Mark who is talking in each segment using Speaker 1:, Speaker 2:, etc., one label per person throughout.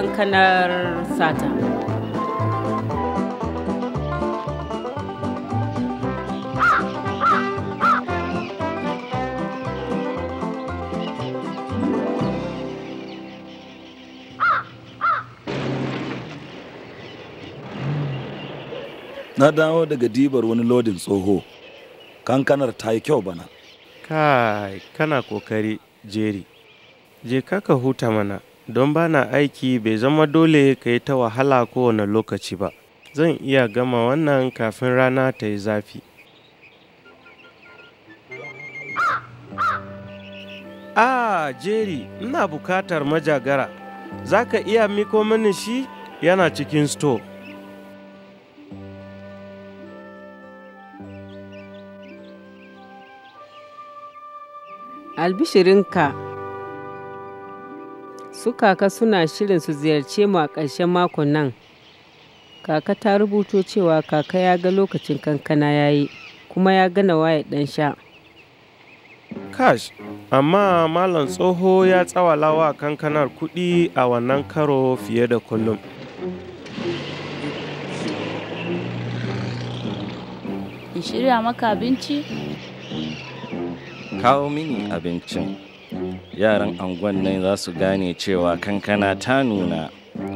Speaker 1: kankanar sata
Speaker 2: na dawo daga dibar wani lodin tsoho kankanar ta yi kyau bana
Speaker 3: kai kana kokari Jerry. je ka huta mana Don ba na aiki bai zama dole ka yi ta wahala kowane lokaci ba, zan iya gama wannan kafin rana ta yi zafi. A Jerry, ina bukatar majagara, za ka iya miko mini shi yana cikin store.
Speaker 1: Albishirinka. Su kaka suna shirin su ziyarce mu a ƙarshen makon nan. Kaka ta rubuto cewa kaka ya ga lokacin kankana ya yi, kuma ya gana waye ɗan sha. Kash,
Speaker 3: amma Malam Tsoho ya tsawalawa kankanar kuɗi a wannan karo fiye da kullum.
Speaker 4: In shirya maka abinci?
Speaker 3: Kawo mini
Speaker 2: abincin. yaran angon nan za su gane cewa kankana ta nuna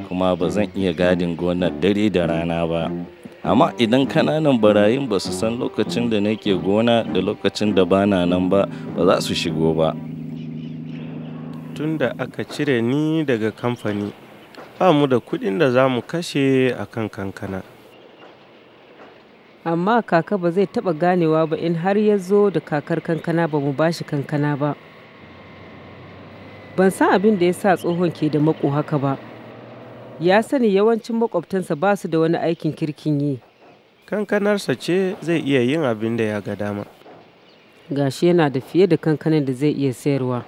Speaker 2: kuma ba zan iya gadin gonar dare da rana ba amma idan kananan barayin ba su san lokacin da nake gona da lokacin da bana nan ba ba za su shigo ba
Speaker 3: tun da aka cire ni daga kamfani ba mu da kudin da za mu kashe a kan kankana
Speaker 1: amma kaka ba zai taba ganewa ba in har ya zo da kakar kankana ba mu bashi kankana ba ban san abin da ya sa tsohon ke da mako haka ba ya sani yawancin makwabtansa ba su da wani aikin kirkin yi kankanarsa ce zai iya yin abin da ya ga dama gashi yana da fiye da kankanin da zai iya sayarwa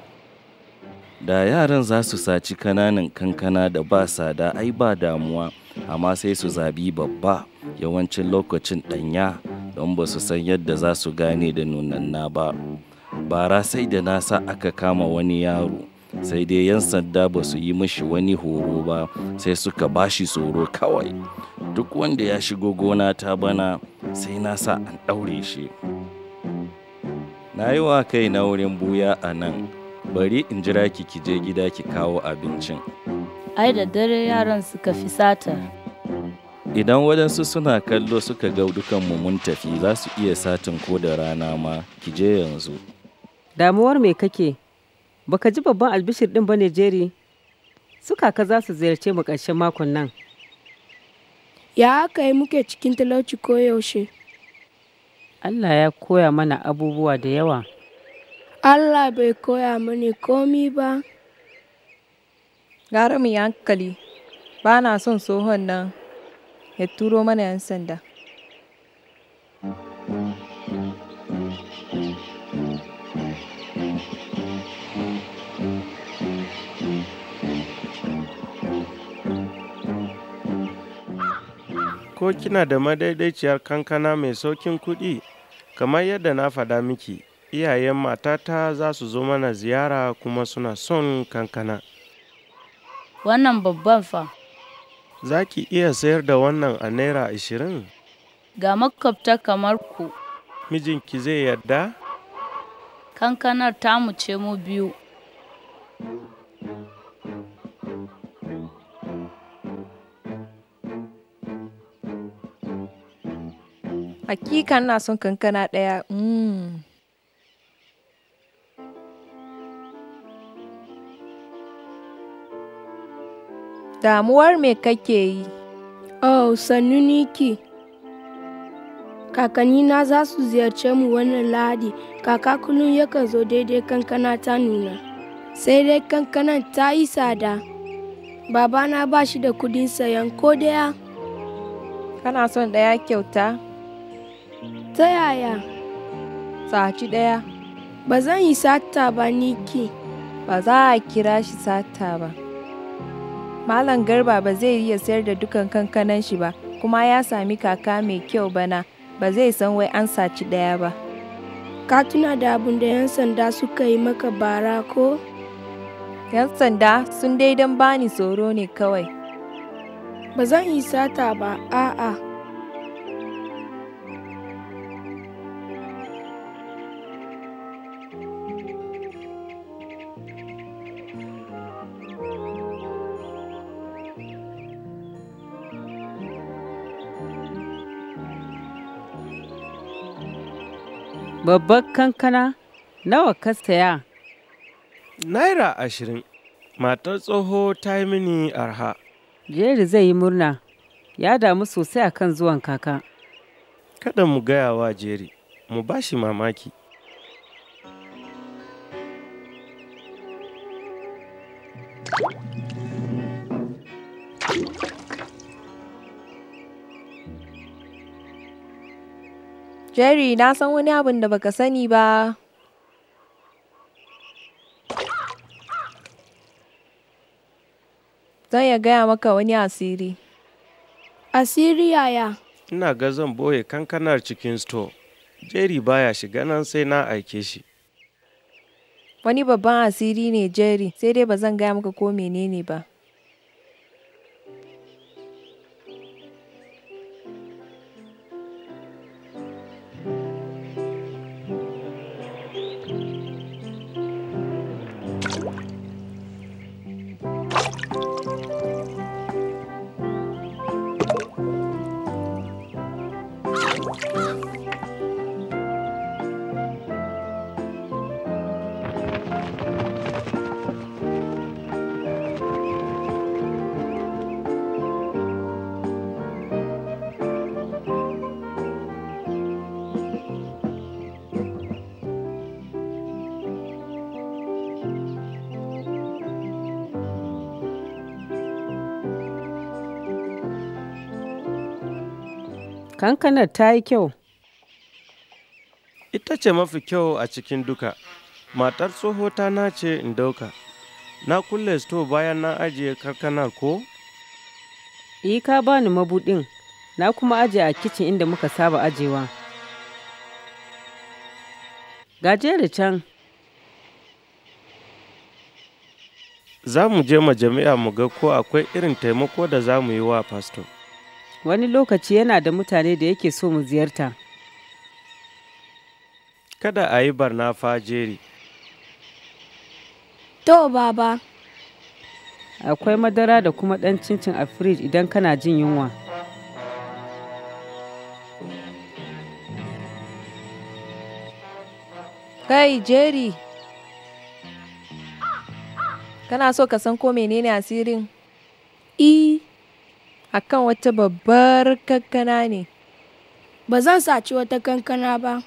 Speaker 2: da yaran za su saci kananan kankana da ba sa da ai ba damuwa amma sai su zabi babba yawancin lokacin ɗanya don ba su san yadda za su gane da nunanna ba bara sai da nasa aka kama wani yaro sai dai 'yan sanda ba su yi mashi wani horo ba sai suka bashi tsoro kawai duk wanda ya shigo gona ta bana sai na sa an ɗaure shi na yi wa kai na wurin buya a nan bari in jira ki ki je gida ki kawo abincin
Speaker 4: ai da dare yaran suka fi sata.
Speaker 2: idan wadansu suna kallo suka ga dukanmu mun tafi za su iya satin ko da rana ma ki je yanzu
Speaker 1: damuwar me kake Baka ji babban albishir din ba ne jeri. Su kaka za su ziyarce mu ƙarshen makon nan.
Speaker 4: Ya aka yi muke cikin talauci ko yaushe?
Speaker 1: Allah ya koya mana abubuwa da yawa.
Speaker 4: Allah bai koya mani komi ba. Gara mu yi hankali, ba na son tsohon nan ya turo mana 'yan sanda.
Speaker 3: ko kina da madaidaiciyar kankana mai saukin kuɗi? Kamar yadda na faɗa miki, iyayen matata za su zo mana ziyara kuma suna son kankana.
Speaker 4: Wannan babban fa.
Speaker 3: Za ki iya sayar da wannan a Naira ashirin?
Speaker 4: Ga makwabta kamar ku.
Speaker 3: Mijinki zai yarda?
Speaker 4: Kankanar tamu ce mu biyu. Hakika ina son kankana ɗaya. Mm. Damuwar me kake yi? Oh, sannu Niki. na za su ziyarce mu wannan Lahadi, kaka kullum yakan zo daidai kankana ta nuna. Sai dai kankanan ta yi tsada. Babana ba shi da kudin sayan ko daya. Kana son ɗaya kyauta? Ta yaya? Saci ɗaya. Ba zan yi sata ba Niki. Ba za a kira shi sata ba. Malam Garba ba zai iya sayar da dukan kankanan shi ba, kuma ya sami kaka mai kyau bana, ba zai san wai an saci ɗaya ba. Ka tuna da abin da 'yan sanda suka yi maka bara ko? 'Yan sanda sun daidan bani tsoro ne kawai. Ba zan yi sata ba, a'a.
Speaker 1: babban kankana nawa ka saya? Naira ashirin. Matar tsoho ta yi mini arha. Jerry zai yi murna. Ya damu sosai a kan zuwan kaka.
Speaker 3: Kada mu gaya wa jeri, mu ba shi mamaki.
Speaker 4: Jerry, na san wani abin da baka sani ba. Zan ya gaya maka wani asiri. Asiri yaya?
Speaker 3: Ina ga zan boye kankanar cikin store. Jerry baya shiga nan sai na aike shi.
Speaker 4: Wani babban asiri ne Jerry, sai dai ba zan gaya maka ko menene ba.
Speaker 1: Kankanar ta yi kyau.
Speaker 3: Ita ce mafi kyau a cikin duka. Matar tsoho ta ce in dauka. Na kulle sto bayan na ajiye kankanar ko?
Speaker 1: E, ka bani mabuɗin. Na kuma ajiye a kicin inda muka saba ajewa. Gajere can.
Speaker 3: Za mu je majami'a mu ga ko akwai irin taimako da za mu yi wa fasto.
Speaker 1: wani lokaci yana da mutane da yake so mu ziyarta.
Speaker 3: Kada a yi barna fajeri.
Speaker 4: To, baba.
Speaker 1: Akwai madara da kuma ɗan cincin a firij idan kana jin yunwa.
Speaker 4: Kai, Jerry. Kana so ka san ko menene asirin? E. akan wata babbar kankana ne. Ba zan saci wata kankana ba.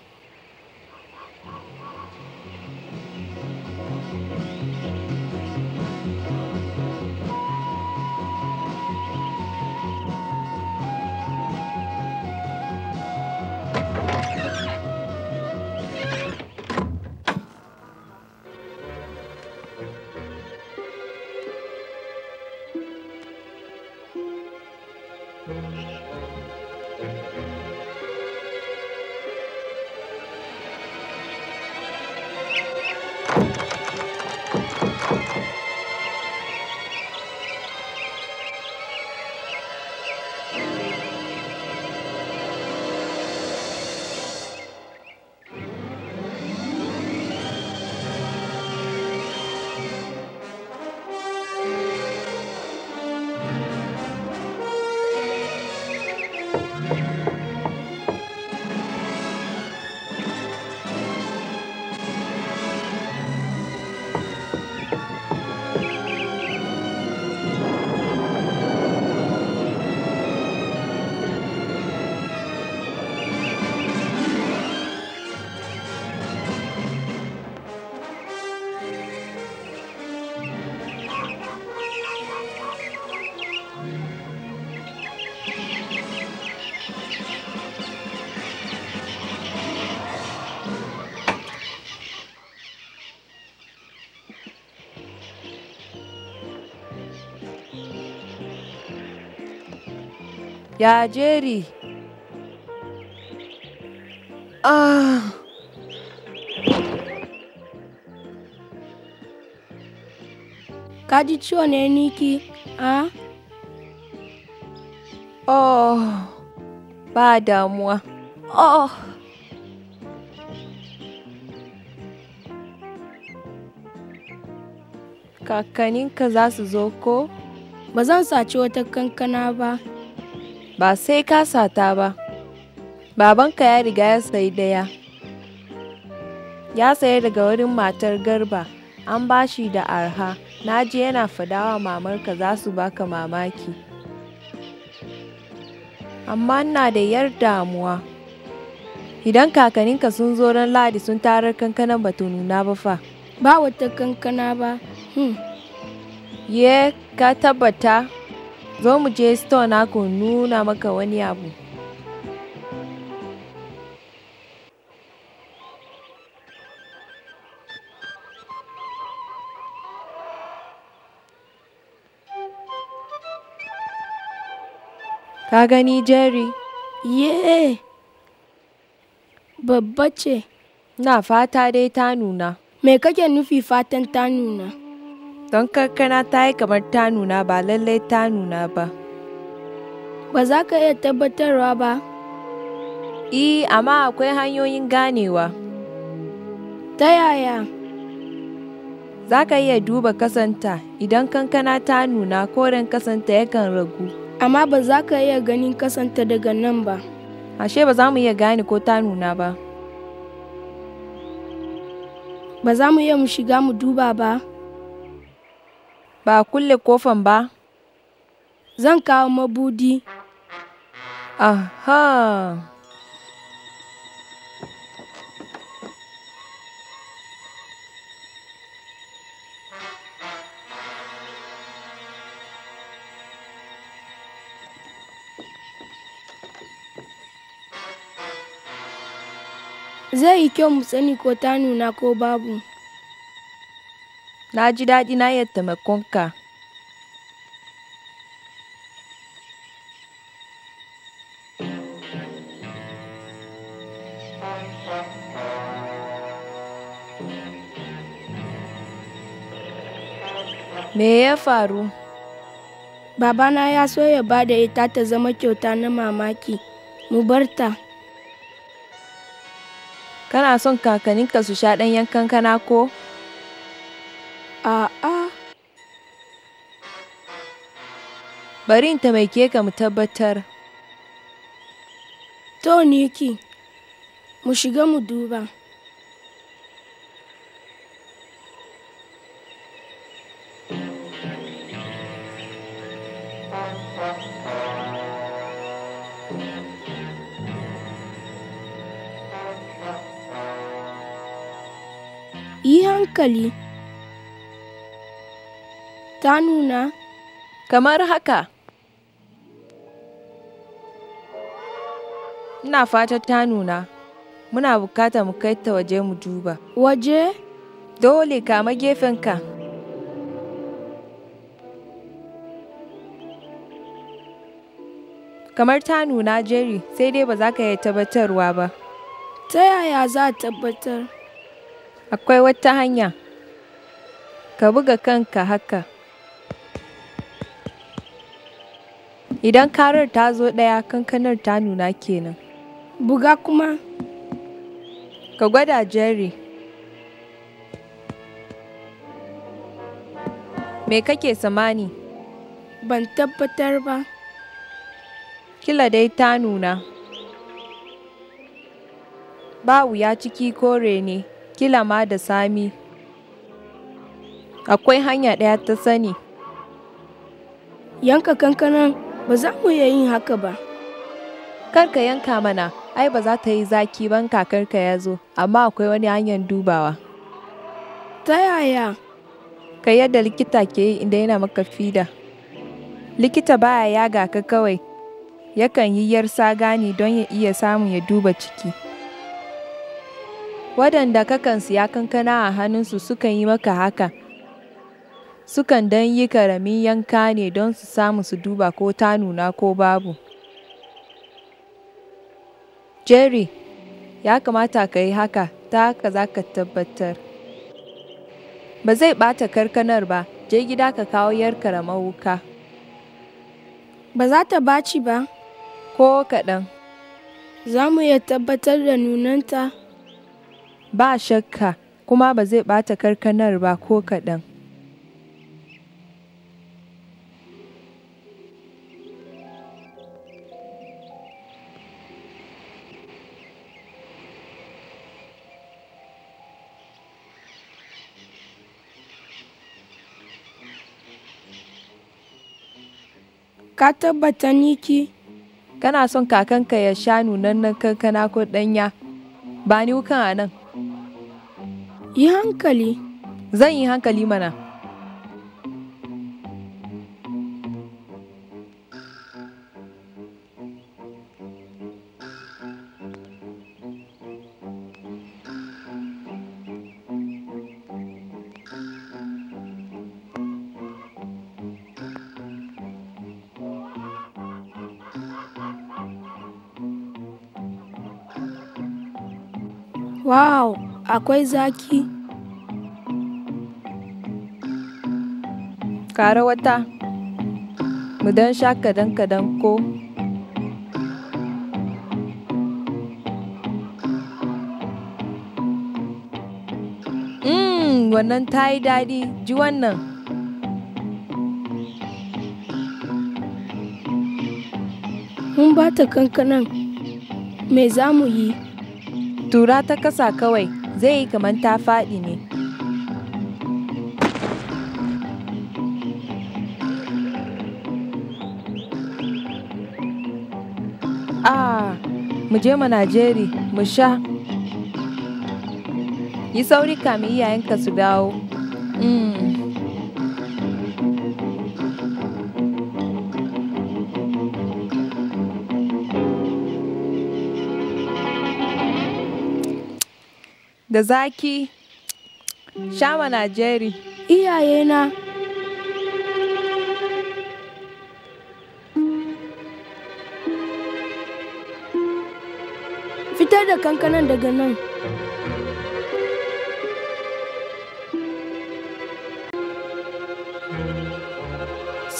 Speaker 4: Ya jeri? Ah! Ka ji ciwo ne niki? Ah? Oh, ba damuwa. Oh! Kakanninka za su zo ko? Ba zan saci wata kankana ba. ba sai ka sata ba babanka ya riga ya sayi ɗaya. ya saya daga wurin matar garba an bashi da arha na ji yana fadawa mamarka za su baka mamaki amma na da yar damuwa idan kakaninka sun zo ran ladi sun tarar kankanan ba nuna ba fa ba wata kankana ba hmm. ye ka tabbata zo mu je store naku nuna maka wani abu Ka gani Jerry? Ye! Babba ce. Na fata dai ta nuna. Me kake nufi fatan ta nuna? don kankana ta yi kamar ta nuna ba lallai ta nuna ba. Ba za ka iya tabbatarwa ba? E, amma akwai hanyoyin ganewa. Ta yaya? Za ka iya duba kasanta idan kankana ta nuna koren kasanta yakan ragu. Amma ba za ka iya ganin kasanta daga nan ba. Ashe ba za mu iya gane ko ta nuna ba. ba za mu iya mu shiga mu duba ba. ba kulle kofan ba? Zan kawo mabudi. Aha! Zai yi kyau mu sani ko ta nuna ko babu. Na ji daɗi na iya taimakonka. Me ya faru? Babana ya so ya ba da ita ta zama kyauta na mamaki, mu bar ta. Kana son kakaninka su sha ɗanyen kankana ko? Bari ta ke ka mu tabbatar. To Niki, mu shiga mu duba. Yi hankali, ta nuna. Kamar haka. Ina fata ta nuna. Muna bukata mu kai ta waje mu duba. Waje? Dole kama gefenka. Kamar ta nuna jeri sai dai ba za ka yi tabbatarwa ba. Ta yaya za a tabbatar? Akwai wata hanya. Ka buga kanka haka. Idan karar ta zo ɗaya kankanar ta nuna kenan. buga kuma ka gwada jerry me kake tsammani? ban tabbatar ba kila dai ta nuna ba wuya ciki kore ne kila ma da sami akwai hanya ɗaya ta sani yanka kankanan ba za mu iya haka ba kar ka yanka mana ai ba za ta yi zaki ban kakarka ya zo, amma akwai wani hanyar dubawa. Ta yaya? Kai yadda likita ke yi inda yana maka fida. Likita baya yaga ka kawai, yakan yi yarsa gani don ya iya samu ya duba ciki. Waɗanda kakan ya kankana a hannunsu sukan yi maka haka, sukan don yi karamin yanka ne don su samu su duba ko ta nuna ko babu. Jerry, ya kamata ka yi haka, ta haka za ka tabbatar. Ba zai ɓata karkanar ba, je gida ka kawo yar karamar wuka. Ba za ta baci ba? Ko kaɗan. Za mu iya tabbatar da nunanta? Ba shakka, kuma ba zai ɓata karkanar ba ko kaɗan. ka tabbata niki kana son kakanka ya sha nunannen kankana ko ɗanya ba ni wukan a nan yi hankali zan yi hankali mana Wow, akwai zaki. Kara wata, mu dan sha kadan-kadan ko? Mmm, wannan ta yi daɗi, ji wannan. Mun ba ta kankanan, me za mu yi? Tura ta kasa kawai, zai yi kamar ta faɗi ne. Ah, mu je mu Najeri, mu sha. Yi sauri kamin iyayenka su dawo. Mm. da zaki shawa najeri iyayena fitar da kankanan daga nan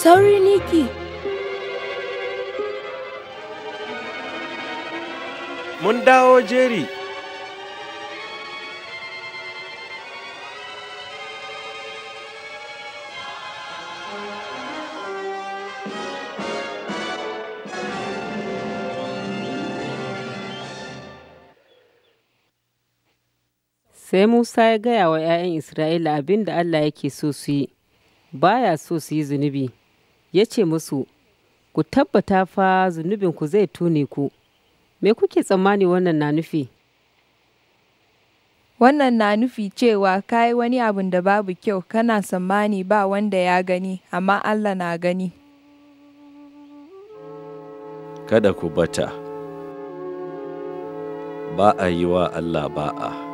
Speaker 4: sauri niki
Speaker 3: mun dawo jeri
Speaker 1: Sai Musa ya gaya wa ‘ya'yan Isra'ila abin da Allah yake so su yi, ba ya so su yi zunubi, ya ce musu, Ku tabbata fa zunubin ku zai tune ku, me kuke tsammani wannan na nufi?
Speaker 4: Wannan na nufi cewa ka yi wani abin da babu kyau kana tsammani ba wanda ya gani, amma Allah na gani.
Speaker 2: Kada ku bata, ba a yi wa Allah ba'a.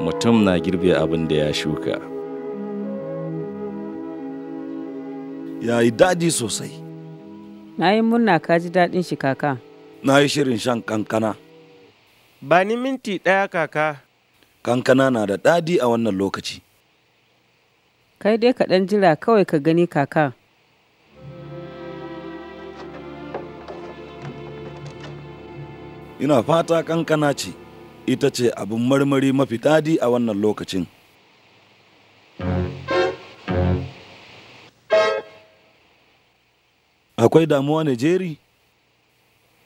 Speaker 2: mutum na girbe abin da ya shuka ya yi daɗi sosai
Speaker 1: na yi murna ka ji daɗin shi kaka
Speaker 2: na yi shirin shan kankana ba ni minti ɗaya kaka kankana na da daɗi a wannan lokaci
Speaker 1: kai dai ka ɗan jira kawai ka gani kaka
Speaker 2: ina fata kankana ce ita ce abin marmari mafi tadi a wannan lokacin.
Speaker 3: Akwai damuwa ne jeri?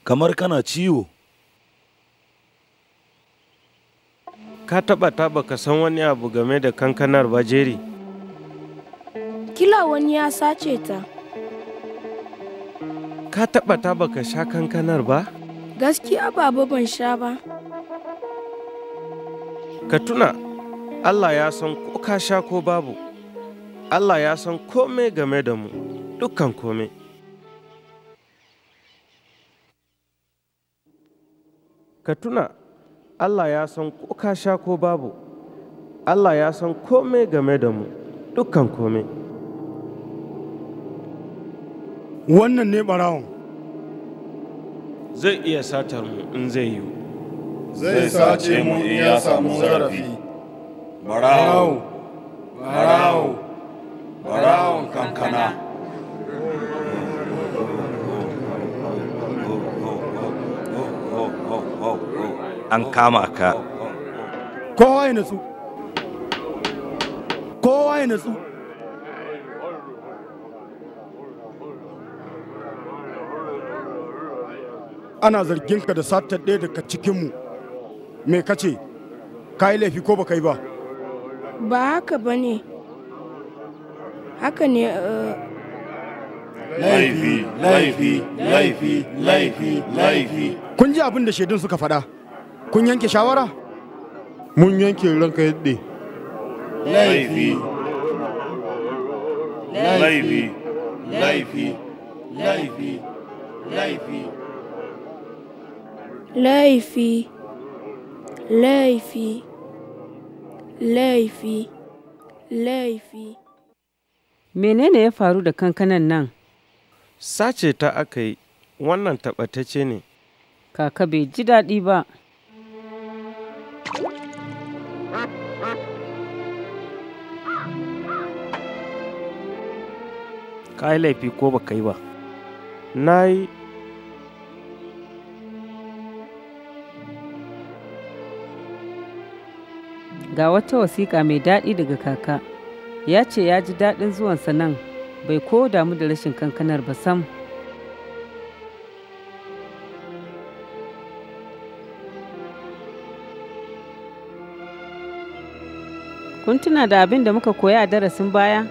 Speaker 3: Kamar kana ciwo. Ka taɓa taba ka san wani abu game da kankanar ba jeri?
Speaker 4: Kila wani ya sace ta.
Speaker 3: Ka taɓa taba ka sha kankanar ba?
Speaker 4: Gaskiya baba ban sha ba.
Speaker 3: ka tuna Allah ya san ko ka sha ko babu Allah ya san kome game da mu dukkan kome ka tuna Allah ya san ko ka sha ko babu Allah ya san kome game da mu dukkan kome wannan ne barawon zai iya satar mu in zai yiwu zai sace mu iya ya samu zarafi barawo
Speaker 2: barawo barawon kankana an kama ka
Speaker 3: kowa ya nasu kowa ya nasu ana zargin ka da satar ɗaya daga cikinmu me ka ce ka yi laifi ko ba ka yi ba
Speaker 4: ba haka ba ne haka ne uh,
Speaker 1: laifi laifi laifi laifi
Speaker 4: laifi kun ji abin da shaidun suka faɗa
Speaker 3: kun yanke shawara mun yanke ranka yadda laifi laifi laifi laifi
Speaker 4: laifi laifi laifi laifi laifi
Speaker 1: menene ya faru da kankanan nan
Speaker 3: sace ta aka yi wannan tabbatacce ne kaka bai ji daɗi ba ka yi laifi ko ba ka yi ba
Speaker 1: na yi ga wata wasiƙa mai daɗi daga kaka ya ce ya ji daɗin zuwansa nan bai ko damu da rashin kankanar ba sam kun tuna da abin da muka koya a darasin baya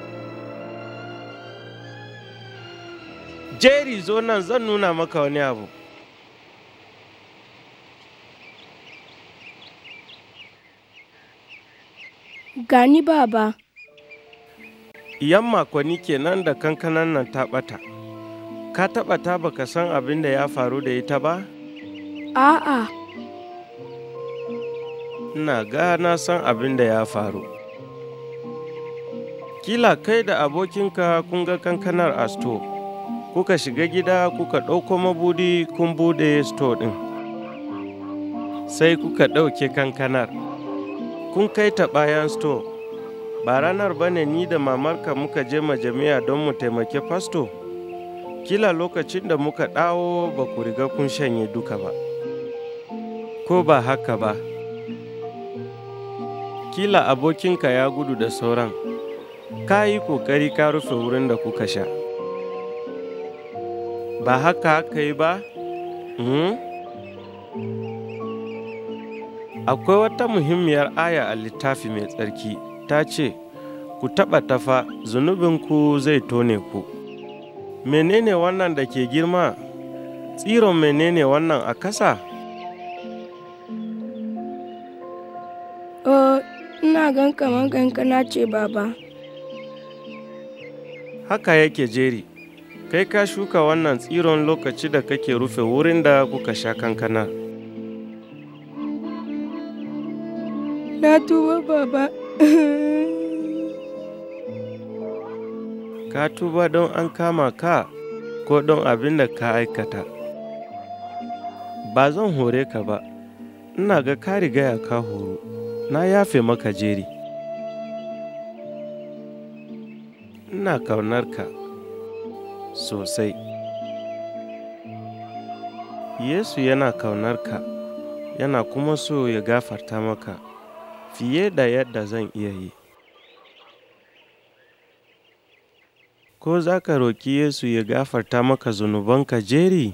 Speaker 3: jerry zo nan zan nuna maka wani abu
Speaker 4: Gani baba.
Speaker 3: Yan makonni kenan da kankanan nan ta bata. Ka taɓa ta baka san abin da ya faru da ita ba? A'a. Ina ga na san abin da ya faru. Kila kai da abokinka kun ga kankanar a sto, kuka shiga gida kuka ɗauko mabudi kun buɗe sto ɗin. Sai kuka ɗauke kankanar. kun kai ta bayan sto ba ranar ba ni da mamarka muka je majami'a don mu taimake fasto kila lokacin da muka dawo ba ku riga kun shanye duka ba ko ba haka ba kila abokinka ya gudu da sauran ka yi kokari ka rufe wurin da kuka sha ba haka haka yi ba? Hmm? Akwai wata muhimmiyar aya a littafi mai tsarki ta ce, Ku taɓa tafa zunubinku zai tone ku. Menene wannan da ke girma? Tsiron menene wannan a kasa?
Speaker 4: O, oh, ina gan kamar kankana ce baba.
Speaker 3: Haka yake jeri, kai ka shuka wannan tsiron lokaci da kake rufe wurin da kuka sha kankana.
Speaker 4: Na tuba baba.
Speaker 3: Ka tuba don an kama ka ko don abin da ka aikata. Ba zan hore ka ba, ina ga ka rigaya ka horo, na yafe maka jeri. Ina kaunar ka sosai. Yesu yana kaunar ka, yana kuma so ya gafarta maka. fiye da yadda zan iya yi. Ko za ka roki Yesu ya gafarta maka zunubanka jeri?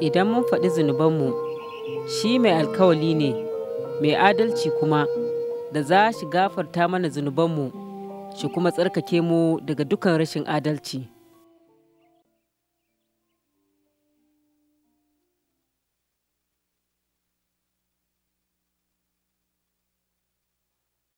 Speaker 1: Idan mun faɗi zunubanmu, shi mai alkawali ne, mai adalci kuma, da za shi gafarta mana zunubanmu. shi kuma tsarkake mu daga dukan rashin adalci.